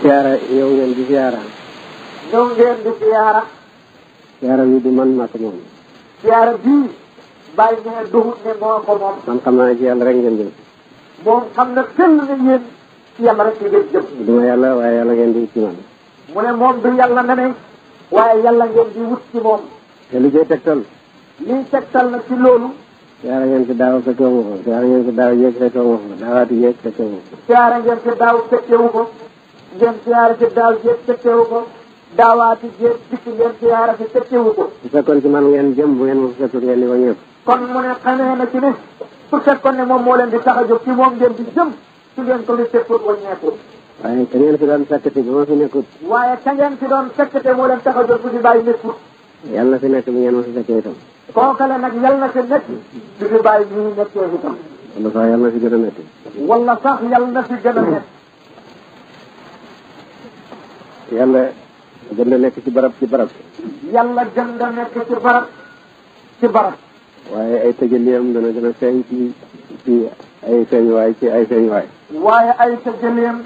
siyaara yow ngeen di siyaara yow ngeen di siyaara siyaara du man maa ko moom siyaara bii bàyyi ne duhut ne moo ko moom man xam naa ci yàlla moom xam na kenn ne yéen ci yàlla rek ngeen jëm du waaye yàlla ngeen di wut ci man mu ne moom du yàlla na ne waaye yàlla ngeen di wut ci moom te li koy tegtal lii tegtal na ci loolu siyaara ngeen si daaw fekkee wu ko siyaara ngeen si daaw yéeg fekkee siyaara ngeen si daaw fekkee wu ngeen siyaara si daaw jéeg tëttewu ko daawaati jéeg dikk ngeen siyaara si tëttewu ko bu fekkoon ci man ngeen jëm bu ngeen ma fekkul ngeen di wàññeeku kon mu ne xamee na ci ne su fekkoon ne moom moo leen di tax a jóg ci moom ngeen di jëm su ngeen ko li fekkul wàññeeku waaye ka ngeen fi doon fekkte bi ma fi nekkut waaye ka ngeen fi doon fekkte moo leen tax a jóg bu di bàyyi nekkut yàlla na fi nekk bi ngeen ma fi fekkee itam kookale nag yàlla na fi nekk di fi bàyyi ñii nekkee itam wala sax yàlla na fi gën a nekk wala sax yàlla na fi gën a nekk yàlla gën la nekk ci barab ci barab yàlla gën la nekk ci barab ci barab waaye ay tëjaliyam dana gën a feeñ ci ci ay feeñuwaay ci ay feeñuwaay waaye ay tëjaliyam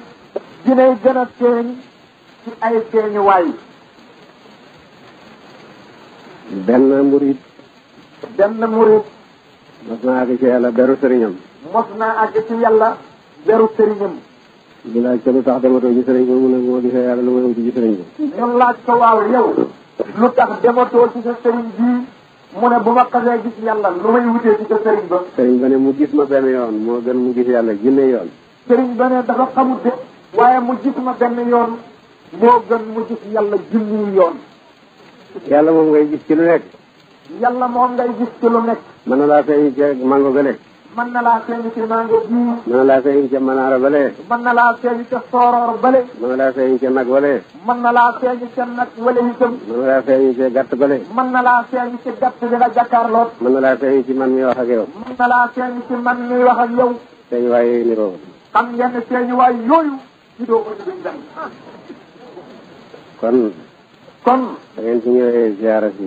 dinay gën a feeñ ci ay feeñuwaay benn murid benn murid mos naa àgg ci yàlla beru sëriñam mos naa àgg ci yàlla beru sëriñam ñu laaj ko lu tax dematoo ci sëriñ bi mu ne moo gisee yàlla lu may wuti ci sëriñ bi ñu laaj ko waaw yow lu tax dematoo ci sa sëriñ bii mu ne bu ma xasee gis yàlla lu may wutee ci sëriñ ba sëriñ ba ne mu gis ma benn yoon moo gën mu gis yàlla junne yoon sëriñ ba ne dafa xamut de waaye mu gis ma benn yoon moo gën mu gis yàlla junniy yoon yàlla moom ngay gis ci lu nekk yàlla moom ngay gis ci lu nekk mën na laa feeñ ci mango ga nekk mën na laa feeñ ci mango bii. mën na laa feeñ ca manaara bale. mën na laa feeñ ca sooroor bale. mën na laa feeñ ca nag wale. mën na laa feeñ ca nag wale itam. mën na laa feeñ ca gàtt bale. mën na laa feeñ ci gàtt bi nga jàkkaarloo. mën na laa feeñ ci man mi wax ak yow. mën na laa feeñ ci man mi wax ak yow. feeñ waay yooyu niroo. xam ngeen ne feeñ waay yooyu. ci doo ko duñ dem. kon. kon. da ngeen fi ñëwee ziara si.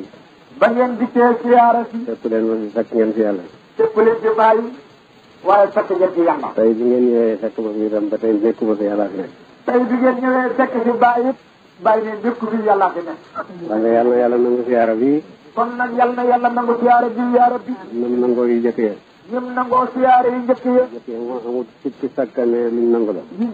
ba ngeen dikkee ziara si. fekk leen ma fi fekk ngeen fi yàlla. cëppale ji bàyyi waaye fekk ngeen ci yàmba tey bi ngeen ñëwee fekk ma fi itam ba tey nekkuma fi yàllaa fi nekk tey bi ngeen ñëwee fekk si bàyyi bàyyi ne nekku fi yàllaa fi nekk waaye yàlla na yàlla nangu siyaara bi kon nag yàlla na yàlla nangu siyaara bi yaara bi ñoom nangoo yu njëkk ya ñoom nangoo siyaara yu njëkk ya njëkk ya moom amul sikki sakka ne luñ nangu la yu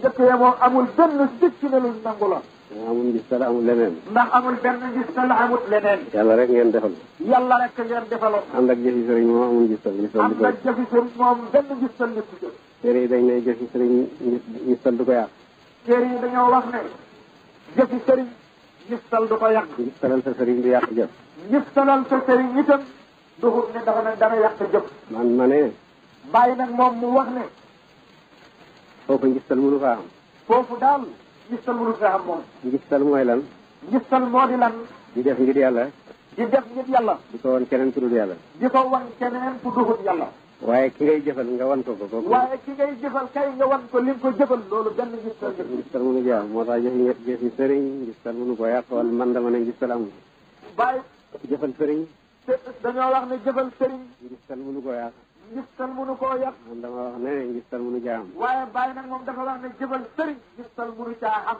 la amul ngistal amul leneen ndax amul benn ngistal amul leneen yàlla rek ngeen defal yàlla rek ngeen defaloon ànd ak jëfi sëriñ moom amul ngistal ngistal ànd ak jëfi sëriñ moom benn ngistal nit du jëf téere yi dañ ne jëfi sëriñ ngistal du ko yàq téere yi dañoo wax ne jëfi sëriñ ngistal du ko yàq ngistalal sa sëriñ du yàq jëf ngistalal sa sëriñ itam duxut ne dafa ne dana yàq jëf man ma ne bàyyi nag moom mu wax ne foofu ngistal mënu faa am foofu daal ngistal mënul fee am moom ngistal mooy lan ngistal moo di lan di def ngir yàlla di def ngir yàlla di ko wan keneen ku dul yàlla di ko wan keneen ku duhut yàlla waaye ki ngay jëfal nga wan ko ko kooku waaye ki ngay jëfal kay nga wan ko li nga ko jëfal loolu benn ngistal ngistal mënu jaam moo tax jëf nga jëfi sëriñ ngistal mënu ko yàq wala man dama ne ngistal amul bàyyi jëfal sëriñ dañoo wax ne jëfal sëriñ ngistal mënu ko yàq ngistal munu koo yàq moom dama wax ne ngistal munu caa am waaye bàyyi nag moom dafa wax ne jëfal sëriñ ngistal munu caa am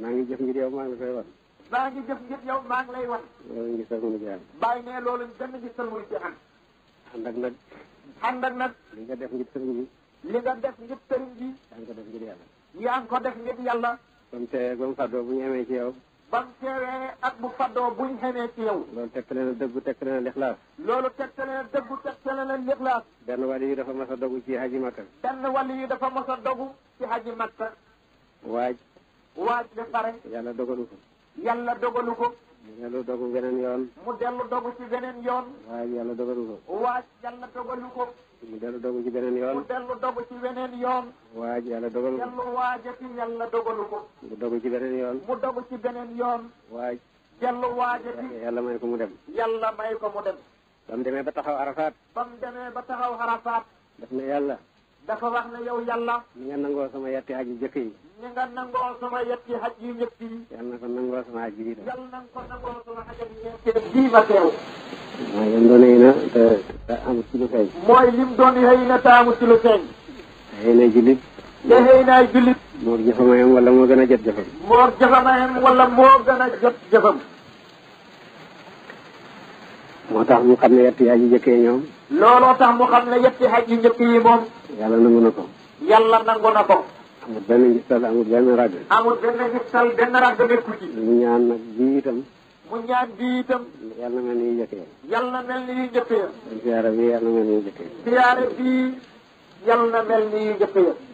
maa ngi jëf ngir yow maa ngi koy wan maa ngi jëf ngir yow maa ngi lay wan loolu ngistal munu caa am bàyyi ne loolu benn ngistal munu ci am ànd ak nag ànd ak nag li nga def ngir sëriñ bi li nga def ngir sëriñ bi yaa ngi ko def ngir yàlla yaa ngi ko def ngir yàlla ba mu teewee ba mu fàddoo bu ñu amee ci yow ba mu teewee ak bu faddoo buñ xamee ci yow. loolu tegtale na dëggu tegtale na lixlaas. loolu tegtale na dëggu tegtale na lixlaas. benn wàll yi dafa mas a dogu ci haji makka. benn wàll yi dafa mas a dogu ci haji makka. waaj. waaj ba pare. yàlla dogalu ko. yàlla dogalu ko. mu dellu dogu beneen yoon. mu dellu dogu ci beneen yoon. waaye yàlla dogalu ko. waaj yàlla dogalu ko. mu dellu dogu ci beneen yoon. mu dellu dogu ci beneen yoon. waaj yàlla dogalu ko. dellu waajati yàlla dogalu ko. mu dogu ci beneen yoon. mu dogu ci beneen yoon. waaj. dellu waajati. yàlla may ko mu dem. yàlla may ko mu dem. ba mu demee ba taxaw arafaat. ba mu demee ba taxaw arafaat. daf na yàlla. dafa wax ne yow yàlla. ni nga nangoo sama yetti xaj yu jëkk yi. ni nga nangoo sama yetti xaj yu njëkk yi. yàlla waa ji bi de. yàlla na ko nangoo sunu xajar yi ñeenteel bii ma teew. mooy lim doon xëy na te te amul ci lu feeñ. mooy lim doon xëy na te amul ci lu feeñ. xëy na jullit. te xëy naay jullit. moor jëfamayam wala moo gën a jot jëfam. moor jëfamayam wala moo gën a jot jëfam. moo tax mu xam ne yetti xaj yu njëkk yi ñoom. looloo tax mu xam ne yetti xaj yu njëkk yi moom. yàlla nangu na ko. yàlla nangu na ko. amul benn ngistal amul benn ràgg. amul benn ngistal benn ràgg nekku ci. mu ñaan nag bii itam. mu ñaan bii itam. mel ni yu jëkkee. yal mel ni yu jëkkee. siyaara bi yal na mel ni yu jëkkee.